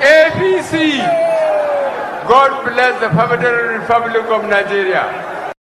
APC. God bless the Federal Republic of Nigeria.